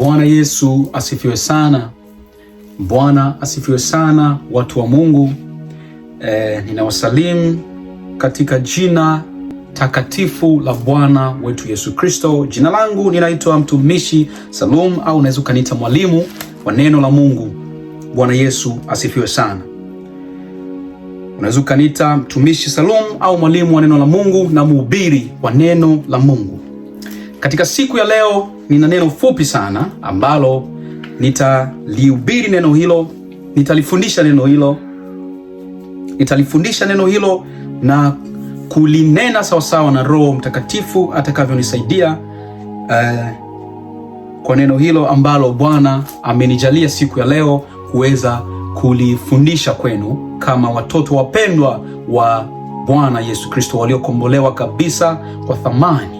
Bwana Yesu asifiwe sana. Bwana asifiwe sana, watu wa Mungu. E, ninawasalimu katika jina takatifu la Bwana wetu Yesu Kristo. Jina langu ninaitwa mtumishi Salum, au unaweza ukaniita mwalimu wa neno la Mungu. Bwana Yesu asifiwe sana. Unaweza ukaniita mtumishi Salum au mwalimu wa neno la Mungu na mhubiri wa neno la Mungu. Katika siku ya leo nina neno fupi sana ambalo nitalihubiri neno hilo, nitalifundisha neno hilo, nitalifundisha neno hilo na kulinena sawasawa na Roho Mtakatifu atakavyonisaidia eh, kwa neno hilo ambalo Bwana amenijalia siku ya leo kuweza kulifundisha kwenu kama watoto wapendwa wa Bwana Yesu Kristo waliokombolewa kabisa kwa thamani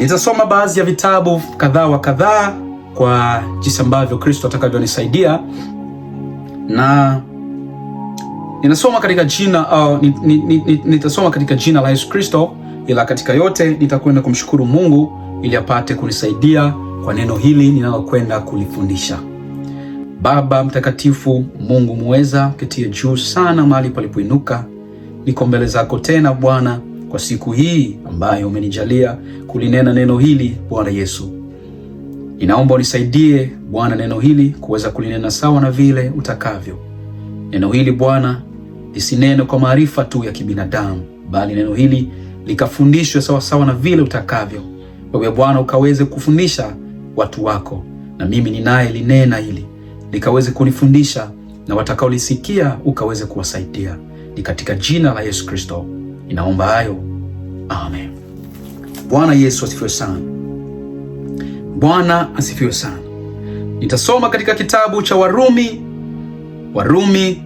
Nitasoma baadhi ya vitabu kadhaa wa kadhaa kwa jinsi ambavyo Kristo atakavyonisaidia, na ninasoma katika jina uh, nitasoma katika jina la Yesu Kristo, ila katika yote nitakwenda kumshukuru Mungu ili apate kunisaidia kwa neno hili ninalokwenda kulifundisha. Baba mtakatifu, Mungu muweza, ketie juu sana mahali palipoinuka, niko mbele zako tena Bwana kwa siku hii ambayo umenijalia kulinena neno hili Bwana Yesu. Ninaomba unisaidie Bwana neno hili kuweza kulinena sawa na vile utakavyo. Neno hili Bwana lisinene kwa maarifa tu ya kibinadamu, bali neno hili likafundishwe sawasawa na vile utakavyo. Wewe Bwana ukaweze kufundisha watu wako, na mimi ninaye linena hili likaweze kunifundisha, na watakaolisikia ukaweze kuwasaidia. Ni katika jina la Yesu Kristo. Ninaomba hayo, amen. Bwana Yesu asifiwe sana. Bwana asifiwe sana. Nitasoma katika kitabu cha Warumi, Warumi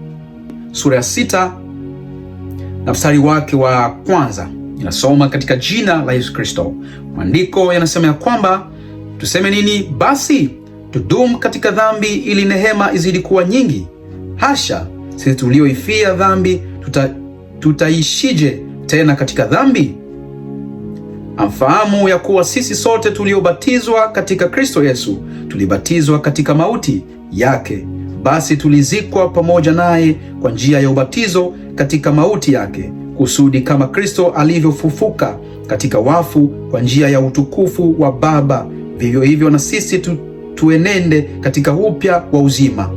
sura ya sita na mstari wake wa kwanza. Ninasoma katika jina la Yesu Kristo. Maandiko yanasema ya kwamba tuseme nini basi? Tudumu katika dhambi ili nehema izidi kuwa nyingi? Hasha! Sisi tulioifia dhambi tuta, tutaishije tena katika dhambi? Amfahamu ya kuwa sisi sote tuliobatizwa katika Kristo Yesu tulibatizwa katika mauti yake, basi tulizikwa pamoja naye kwa njia ya ubatizo katika mauti yake, kusudi kama Kristo alivyofufuka katika wafu kwa njia ya utukufu wa Baba, vivyo hivyo na sisi tu, tuenende katika upya wa uzima.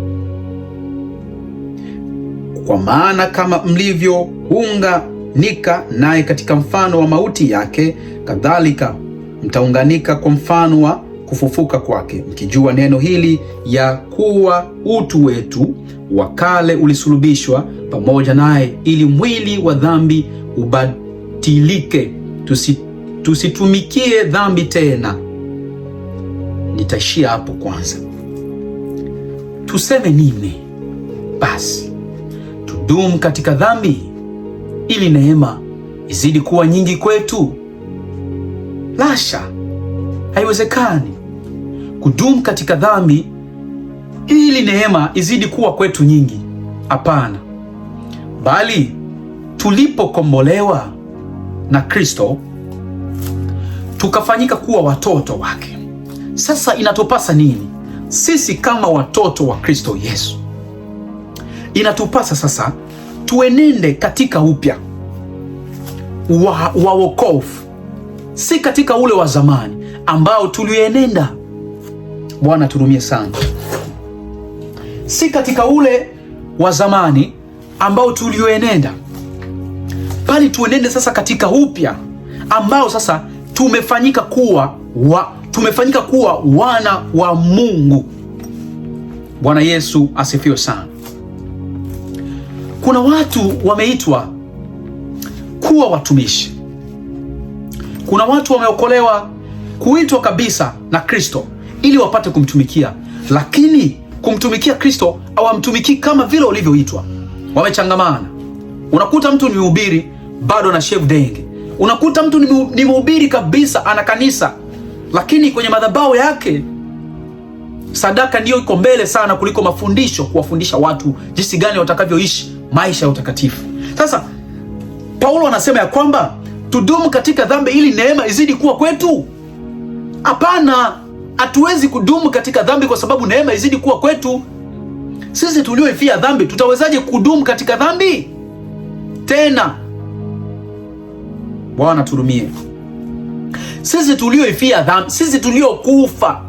Kwa maana kama mlivyounga mtaunganika naye katika mfano wa mauti yake, kadhalika mtaunganika kwa mfano wa kufufuka kwake, mkijua neno hili ya kuwa utu wetu wa kale ulisulubishwa pamoja naye, ili mwili wa dhambi ubatilike, tusi, tusitumikie dhambi tena. Nitaishia hapo kwanza. Tuseme nini basi? Tudumu katika dhambi? ili neema izidi kuwa nyingi kwetu? Lasha, haiwezekani kudumu katika dhambi ili neema izidi kuwa kwetu nyingi. Hapana, bali tulipokombolewa na Kristo tukafanyika kuwa watoto wake. Sasa inatupasa nini sisi kama watoto wa Kristo Yesu? Inatupasa sasa tuenende katika upya wa, wa wokovu, si katika ule wa zamani ambao tulienenda. Bwana turumie sana, si katika ule wa zamani ambao tulioenenda, bali tuenende sasa katika upya ambao sasa tumefanyika kuwa wa, tumefanyika kuwa wana wa Mungu. Bwana Yesu asifiwe sana kuna watu wameitwa kuwa watumishi, kuna watu wameokolewa kuitwa kabisa na Kristo ili wapate kumtumikia, lakini kumtumikia Kristo hawamtumikii kama vile ulivyoitwa, wamechangamana. Unakuta mtu ni mhubiri bado ana shave denge, unakuta mtu ni mhubiri kabisa, ana kanisa, lakini kwenye madhabahu yake sadaka ndiyo iko mbele sana kuliko mafundisho, kuwafundisha watu jinsi gani watakavyoishi maisha ya utakatifu. Sasa Paulo anasema ya kwamba tudumu katika dhambi ili neema izidi kuwa kwetu? Hapana, hatuwezi kudumu katika dhambi kwa sababu neema izidi kuwa kwetu. Sisi tulioifia dhambi tutawezaje kudumu katika dhambi tena? Bwana turumie. Sisi tulioifia dhambi, sisi tuliokufa,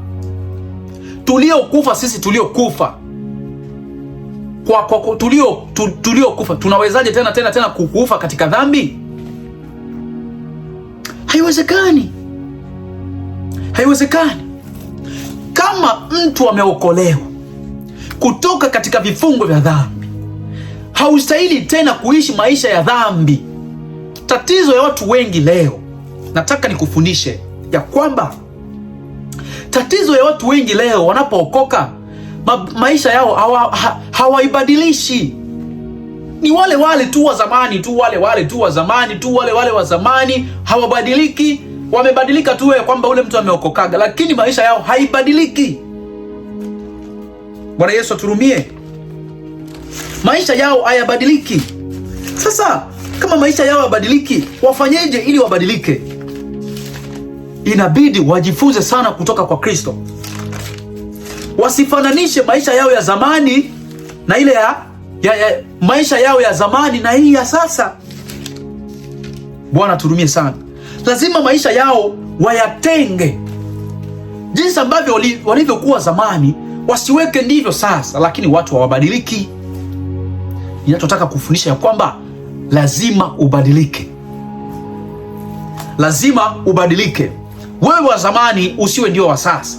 tuliokufa, sisi tuliokufa kwa, kwa tulio tu, tuliokufa tunawezaje tena tena tena kukufa katika dhambi? Haiwezekani, haiwezekani. Kama mtu ameokolewa kutoka katika vifungo vya dhambi, haustahili tena kuishi maisha ya dhambi. Tatizo ya watu wengi leo, nataka nikufundishe ya kwamba tatizo ya watu wengi leo wanapookoka maisha yao hawaibadilishi hawa ni wale wale tu wa zamani tu wale wale tu wa zamani tu wale wale wa zamani, hawabadiliki. Wamebadilika tu wewe kwamba ule mtu ameokokaga, lakini maisha yao haibadiliki. Bwana Yesu aturumie, maisha yao hayabadiliki. Sasa kama maisha yao hayabadiliki, wafanyeje ili wabadilike? Inabidi wajifunze sana kutoka kwa Kristo wasifananishe maisha yao ya zamani na ile ya, ya, ya maisha yao ya zamani na hii ya sasa. Bwana turumie sana. Lazima maisha yao wayatenge jinsi ambavyo walivyokuwa zamani, wasiweke ndivyo sasa. Lakini watu hawabadiliki. Ninachotaka kufundisha ya kwamba lazima ubadilike, lazima ubadilike. Wewe wa zamani usiwe ndio wa sasa.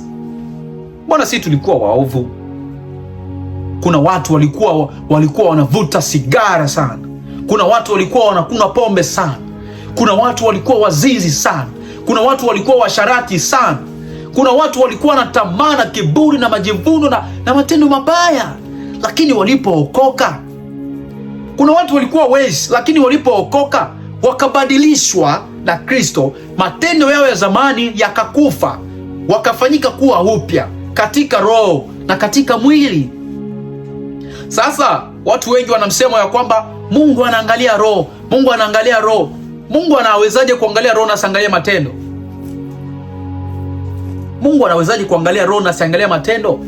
Mbona si tulikuwa waovu? Kuna watu walikuwa walikuwa wanavuta sigara sana, kuna watu walikuwa wanakunywa pombe sana, kuna watu walikuwa wazizi sana, kuna watu walikuwa washarati sana, kuna watu walikuwa na tamaa na kiburi na majivuno na, na matendo mabaya, lakini walipookoka kuna watu walikuwa wezi lakini walipookoka wakabadilishwa na Kristo, matendo yao ya zamani yakakufa, wakafanyika kuwa upya katika roho na katika mwili. Sasa watu wengi wanamsema ya kwamba Mungu anaangalia roho, Mungu anaangalia roho. Mungu anawezaje kuangalia roho na asiangalie matendo? Mungu anawezaje kuangalia roho na asiangalie matendo?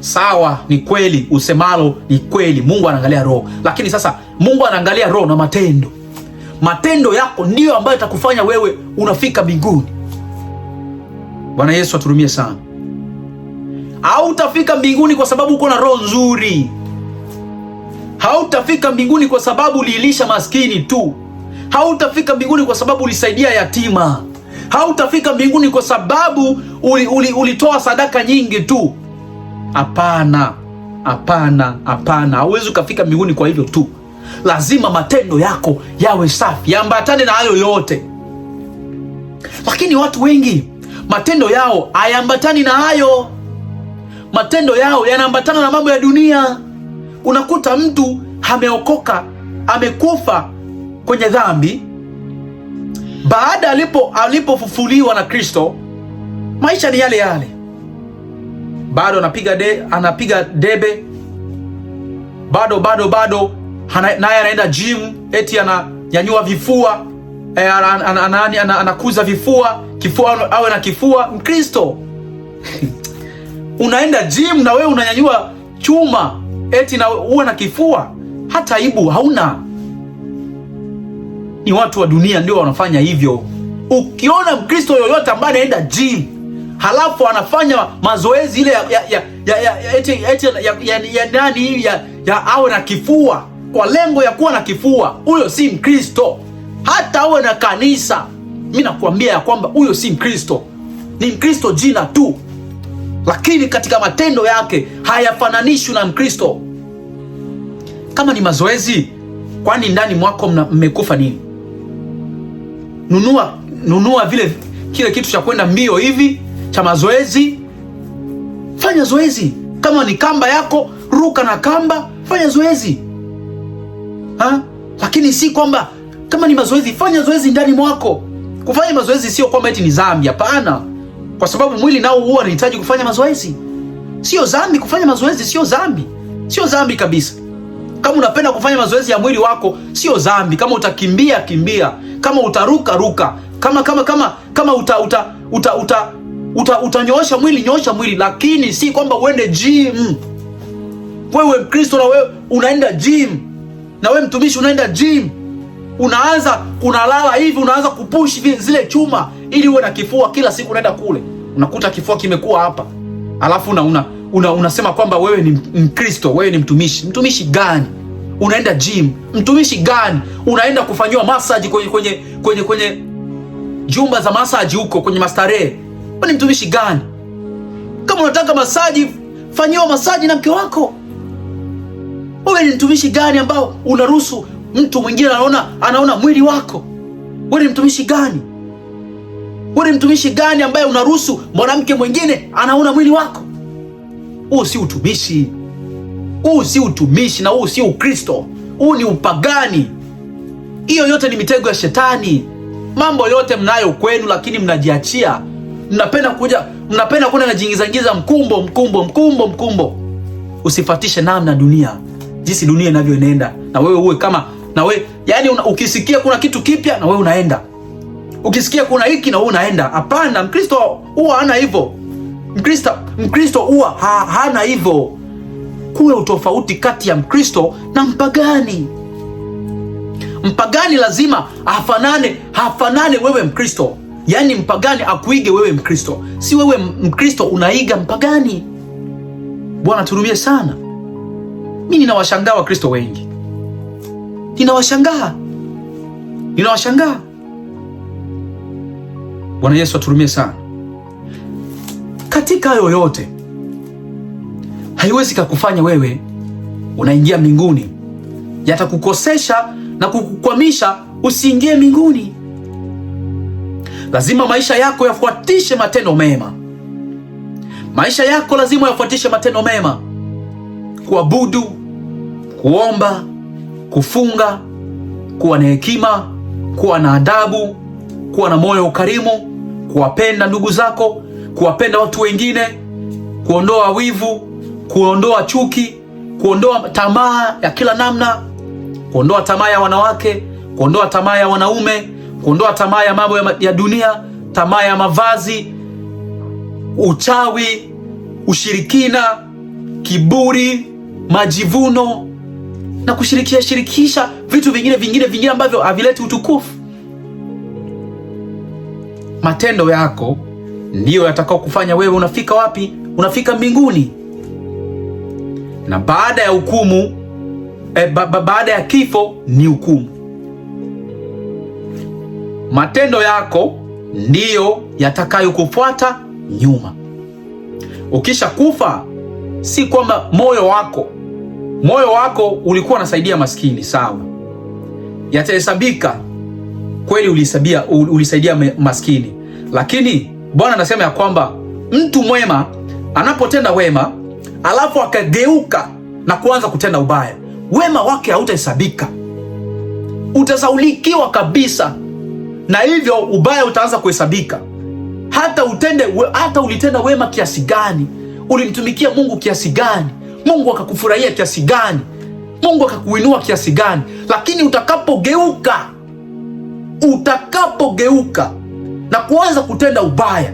Sawa, ni kweli, usemalo ni kweli, Mungu anaangalia roho. Lakini sasa Mungu anaangalia roho na matendo. Matendo yako ndiyo ambayo itakufanya wewe unafika mbinguni. Bwana Yesu aturumie sana. Hautafika mbinguni kwa sababu uko na roho nzuri. Hautafika mbinguni kwa sababu uliilisha maskini tu. Hautafika mbinguni kwa sababu ulisaidia yatima. Hautafika mbinguni kwa sababu ulitoa uli, uli sadaka nyingi tu. Hapana, hapana, hapana. Hauwezi ukafika mbinguni kwa hivyo tu. Lazima matendo yako yawe safi, yaambatane na hayo yote. Lakini watu wengi matendo yao hayaambatani na hayo matendo yao yanaambatana na mambo ya dunia. Unakuta mtu ameokoka, amekufa kwenye dhambi, baada alipo alipofufuliwa na Kristo, maisha ni yale yale, bado anapiga de, anapiga debe bado bado bado naye anaenda gym, eti ananyanyua vifua e, anakuza vifua, kifua awe na kifua Mkristo unaenda gym na wewe unanyanyua chuma eti na uwe na kifua, hata aibu hauna. Ni watu wa dunia ndio wanafanya hivyo. Ukiona Mkristo yoyote ambaye anaenda gym halafu anafanya mazoezi ile ya ya ya ya eti eti ya ya ya nani ya ya awe na kifua kwa lengo ya kuwa na kifua, huyo si Mkristo. Hata awe na kanisa, mi nakuambia ya kwamba huyo si Mkristo, ni Mkristo jina tu lakini katika matendo yake hayafananishwi na Mkristo. Kama ni mazoezi, kwani ndani mwako mmekufa nini? Nunua, nunua vile kile kitu cha kwenda mbio hivi cha mazoezi, fanya zoezi. Kama ni kamba yako, ruka na kamba, fanya zoezi ha? Lakini si kwamba kama ni mazoezi, fanya zoezi ndani mwako. Kufanya mazoezi sio kwamba eti ni dhambi, hapana kwa sababu mwili nao huwa unahitaji kufanya mazoezi. Sio dhambi kufanya mazoezi, sio dhambi, sio dhambi kabisa. Kama unapenda kufanya mazoezi ya mwili wako sio dhambi. Kama utakimbia kimbia, kama utaruka ruka, kama kama kama kama uta uta uta uta uta utanyoosha mwili nyoosha mwili, lakini si kwamba uende gym. Wewe Mkristo na wewe unaenda gym, na wewe mtumishi unaenda gym, unaanza unalala hivi, unaanza kupush zile chuma ili uwe na kifua kila siku unaenda kule unakuta kifua kimekuwa hapa, alafu una, una, una, unasema kwamba wewe ni Mkristo, wewe ni mtumishi. Mtumishi gani? Unaenda gym. Mtumishi gani? Unaenda kufanyiwa massage kwenye kwenye kwenye kwenye jumba za massage huko kwenye mastarehe. Wewe ni mtumishi gani? Kama unataka massage, fanyiwa massage na mke wako. Wewe ni mtumishi gani ambao unaruhusu mtu mwingine anaona anaona mwili wako? Wewe ni mtumishi gani? Wewe ni mtumishi gani ambaye unaruhusu mwanamke mwingine anaona mwili wako? Huu si utumishi, huu si utumishi na huu si Ukristo, huu ni upagani. Hiyo yote ni mitego ya Shetani. Mambo yote mnayo kwenu, lakini mnajiachia, mnapenda kuja, mnapenda kwenda najiingizangiza mkumbo, mkumbo, mkumbo, mkumbo. Usifatishe namna dunia jinsi dunia inavyoenda, na wewe uwe kama na wewe yani una, ukisikia kuna kitu kipya na wewe unaenda ukisikia kuna hiki na huu unaenda. Hapana, Mkristo huwa hana hivyo. Mkristo Mkristo huwa ha, hana hivyo. Kuwe utofauti kati ya Mkristo na mpagani. Mpagani lazima afanane hafanane wewe Mkristo, yaani mpagani akuige wewe Mkristo, si wewe Mkristo unaiga mpagani. Bwana turumie sana. Mi ninawashangaa Wakristo wengi, ninawashangaa, ninawashangaa Bwana Yesu aturumie sana. Katika hayo yote haiwezi kakufanya wewe unaingia mbinguni, yatakukosesha na kukukwamisha usiingie mbinguni. Lazima maisha yako yafuatishe matendo mema, maisha yako lazima yafuatishe matendo mema: kuabudu, kuomba, kufunga, kuwa na hekima, kuwa na adabu, kuwa na moyo wa ukarimu kuwapenda ndugu zako, kuwapenda watu wengine, kuondoa wivu, kuondoa chuki, kuondoa tamaa ya kila namna, kuondoa tamaa ya wanawake, kuondoa tamaa ya wanaume, kuondoa tamaa ya mambo ya dunia, tamaa ya mavazi, uchawi, ushirikina, kiburi, majivuno na kushirikisha shirikisha vitu vingine vingine vingine ambavyo havileti utukufu matendo yako ndiyo yatakao kufanya wewe unafika wapi? Unafika mbinguni. Na baada ya hukumu e, ba, ba, baada ya kifo ni hukumu. Matendo yako ndiyo yatakayokufuata nyuma. Ukisha kufa, si kwamba moyo wako moyo wako ulikuwa unasaidia maskini, sawa, yatahesabika kweli ulisaidia, ulisaidia maskini, lakini Bwana anasema ya kwamba mtu mwema anapotenda wema alafu akageuka na kuanza kutenda ubaya, wema wake hautahesabika, utasaulikiwa kabisa, na hivyo ubaya utaanza kuhesabika. Hata utende, hata ulitenda wema kiasi gani, ulimtumikia Mungu kiasi gani, Mungu akakufurahia kiasi gani, Mungu akakuinua kiasi gani, lakini utakapogeuka utakapogeuka na kuanza kutenda ubaya,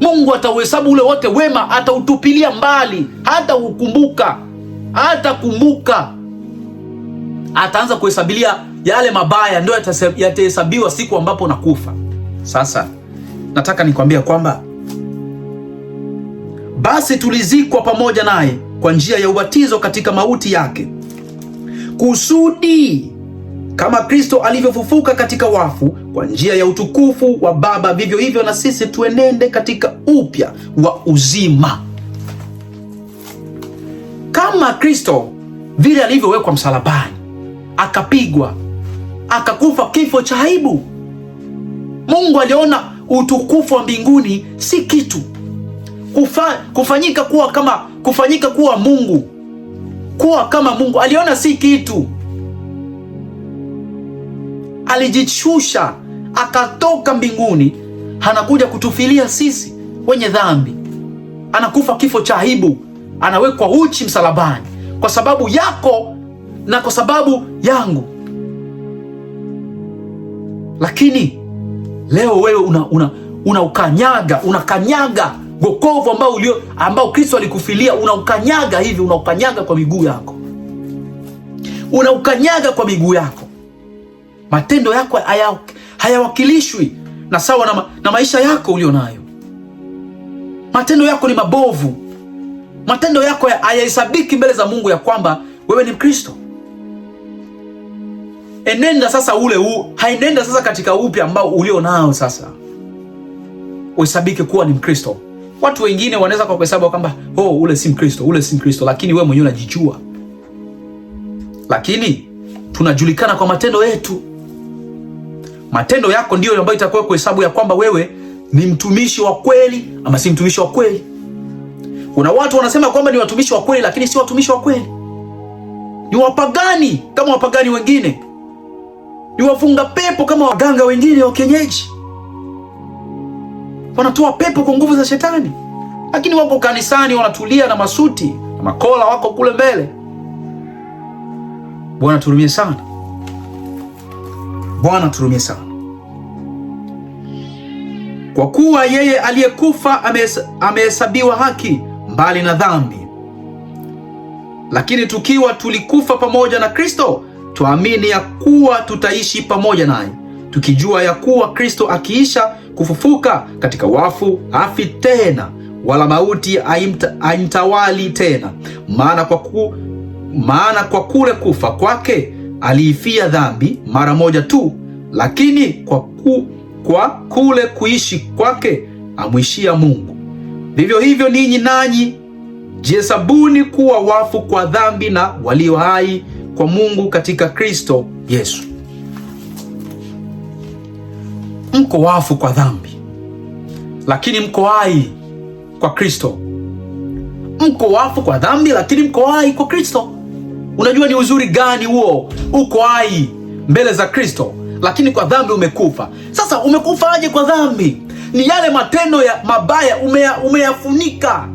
Mungu atauhesabu ule wote wema, atautupilia mbali, hata ukumbuka, hata kumbuka, ataanza kuhesabilia yale mabaya, ndio yatahesabiwa siku ambapo nakufa. Sasa nataka nikwambia kwamba basi tulizikwa pamoja naye kwa njia ya ubatizo katika mauti yake kusudi kama Kristo alivyofufuka katika wafu kwa njia ya utukufu wa Baba, vivyo hivyo na sisi tuenende katika upya wa uzima. Kama Kristo vile alivyowekwa msalabani, akapigwa, akakufa kifo cha aibu, Mungu aliona utukufu wa mbinguni si kitu kufa, kufanyika kuwa kama kufanyika kuwa Mungu kuwa kama Mungu aliona si kitu alijishusha akatoka mbinguni, anakuja kutufilia sisi wenye dhambi, anakufa kifo cha aibu, anawekwa uchi msalabani kwa sababu yako na kwa sababu yangu. Lakini leo wewe una, una, ukanyaga unakanyaga wokovu ambao ulio ambao Kristo alikufilia, unaukanyaga hivi, unaukanyaga kwa miguu yako, unaukanyaga kwa miguu yako. Matendo yako hayawakilishwi haya na sawa na, ma, na maisha yako ulio nayo. Matendo yako ni mabovu, matendo yako hayahesabiki mbele za Mungu ya kwamba wewe ni Mkristo. Enenda sasa ule u, haenenda sasa katika upya ambao ulio nao sasa uhesabike kuwa ni Mkristo. Watu wengine wanaweza kwa kuhesabu kwamba oh, ule si Mkristo, ule si Mkristo, lakini wewe mwenyewe unajijua, lakini tunajulikana kwa matendo yetu matendo yako ndiyo ambayo itakuwa kuhesabu ya kwamba wewe ni mtumishi wa kweli ama si mtumishi wa kweli. Kuna watu wanasema kwamba ni watumishi wa kweli, lakini si watumishi wa kweli, ni wapagani kama wapagani wengine, ni wafunga pepo kama waganga wengine wa kienyeji, wanatoa pepo kwa nguvu za Shetani, lakini wako kanisani wanatulia na masuti na makola, wako kule mbele. Bwana turumie sana. Bwana turumie sana kwa kuwa yeye aliyekufa amehesabiwa haki mbali na dhambi. Lakini tukiwa tulikufa pamoja na Kristo, twaamini ya kuwa tutaishi pamoja naye, tukijua ya kuwa Kristo akiisha kufufuka katika wafu afi tena, wala mauti haimtawali tena. Maana kwa, ku, maana kwa kule kufa kwake aliifia dhambi mara moja tu, lakini kwa ku, kwa kule kuishi kwake amwishia Mungu. Vivyo hivyo ninyi nanyi jihesabuni kuwa wafu kwa dhambi na walio hai kwa Mungu katika Kristo Yesu. Mko wafu kwa dhambi, lakini mko hai kwa Kristo. Mko wafu kwa dhambi, lakini mko hai kwa Kristo. Unajua ni uzuri gani huo? Uko hai mbele za Kristo lakini kwa dhambi umekufa. Sasa umekufaje kwa dhambi? Ni yale matendo ya mabaya umeya, umeyafunika,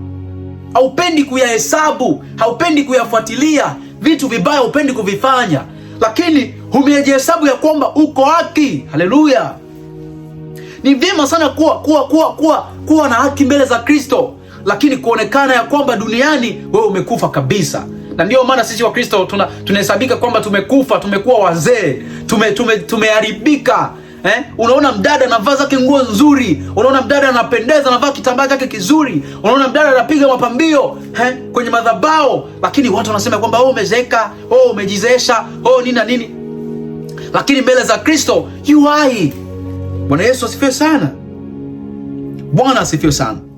haupendi kuyahesabu, haupendi kuyafuatilia. Vitu vibaya upendi kuvifanya, lakini umejihesabu ya kwamba uko haki. Haleluya! Ni vyema sana kuwa, kuwa, kuwa, kuwa, kuwa na haki mbele za Kristo, lakini kuonekana ya kwamba duniani wewe umekufa kabisa na ndio maana sisi Wakristo tunahesabika tuna kwamba tumekufa, tumekuwa wazee, tumeharibika, tume, tume Eh, unaona mdada anavaa zake nguo nzuri, unaona mdada anapendeza, anavaa kitambaa chake kizuri, unaona mdada anapiga mapambio eh, kwenye madhabao, lakini watu wanasema kwamba wewe oh, umezeeka, oh, umejizeesha, oh, nini na nini, lakini mbele za Kristo yu hai. Bwana Yesu asifiwe sana. Bwana asifiwe sana.